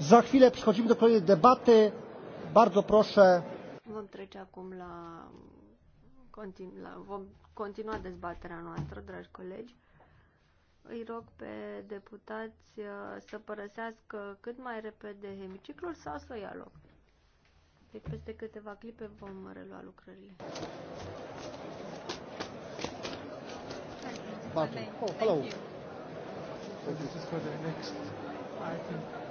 Za chwilę przechodzimy do kolejnej debaty. Bardzo proszę. Vom trece acum la, continu, la vom continua dezbaterea noastră, dragi colegi. Îi rog pe deputați uh, să părăsească cât mai repede hemiciclul sau să ia loc. Deci peste câteva clipe vom relua lucrările. Button. Oh, hello. So this is for the next item.